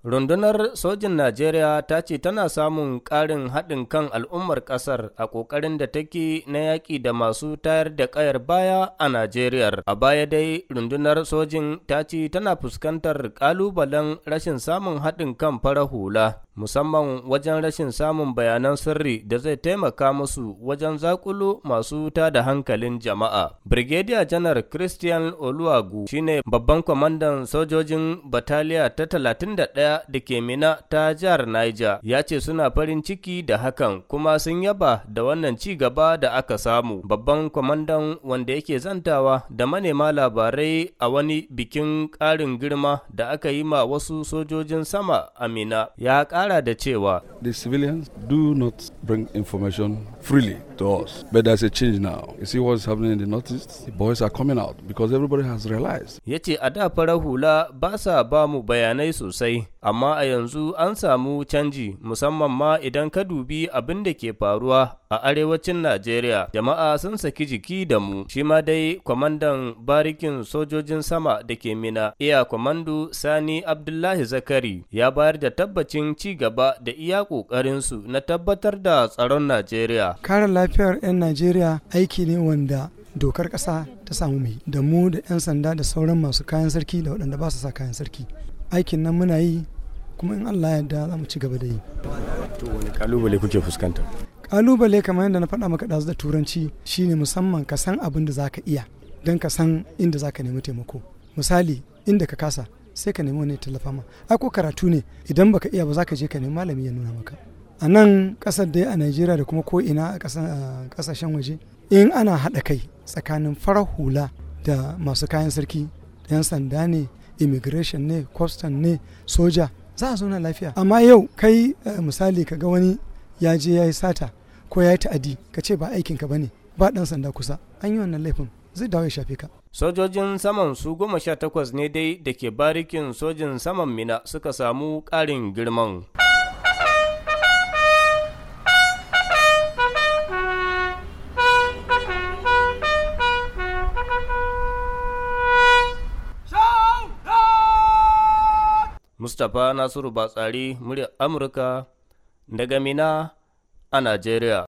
Rundunar sojin Najeriya ta ce tana samun ƙarin haɗin kan al'ummar ƙasar a ƙoƙarin da take na yaƙi da masu tayar da ƙayar baya a Najeriya. A baya dai, rundunar sojin ta ce tana fuskantar ƙalubalen rashin samun haɗin kan fara hula musamman wajen rashin samun bayanan sirri da zai taimaka musu wajen zakulo masu wuta da hankalin jama'a. Brigadier Janar Christian Oluwagu shine babban kwamandan sojojin bataliya ta 31 da ke mina ta jihar Niger ya ce suna farin ciki da hakan kuma sun yaba da wannan ci gaba da aka samu. Babban kwamandan wanda yake zantawa da manema labarai a wani bikin ƙarin girma da aka yi ma wasu sojojin sama a mina ya kara da cewa the civilians do not bring information freely to us. But there's a change now. You see what's happening in the northeast? The boys are coming out because everybody has realized. Ya ce a da farar hula ba sa ba mu bayanai sosai, amma a yanzu an samu canji musamman ma idan ka dubi abin da ke faruwa a arewacin Najeriya. Jama'a sun saki jiki da mu. Shi ma dai kwamandan barikin sojojin sama da ke mina iya kwamando Sani Abdullahi Zakari ya bayar da tabbacin ci gaba da iya ƙoƙarinsu na tabbatar da tsaron Najeriya. Kare lafiyar 'yan najeriya aiki ne wanda dokar kasa ta samu mai da mu da 'yan sanda da sauran masu kayan sarki da waɗanda ba su sa kayan sarki aikin nan muna yi kuma in allah yadda za mu ci gaba da yi kalubale kuke fuskanta kalubale kamar yadda na faɗa maka ɗazu da turanci shine musamman ka san abin da zaka iya don ka san inda zaka nemi taimako misali inda ka kasa sai ka nemi wani tallafa ma ai ko karatu ne idan baka iya ba zaka je ka nemi malami ya nuna maka a nan kasar da a najeriya da kuma ko'ina a kasashen waje in ana haɗa kai tsakanin farar hula da masu kayan sarki yan sanda ne immigration ne custom ne soja za a zauna lafiya amma yau kai eh, misali ka ga wani ya je ya yi sata ko ya yi ta'adi ka ce ba aikinka ba ne ba dan sanda kusa an yi wannan laifin zai dawo ya shafe ka. Sojojin saman su goma sha takwas ne dai da ke barikin sojin saman mina suka samu ƙarin girman. Mustapha Nasiru Batsari, muryar Amurka, daga Mina a Najeriya.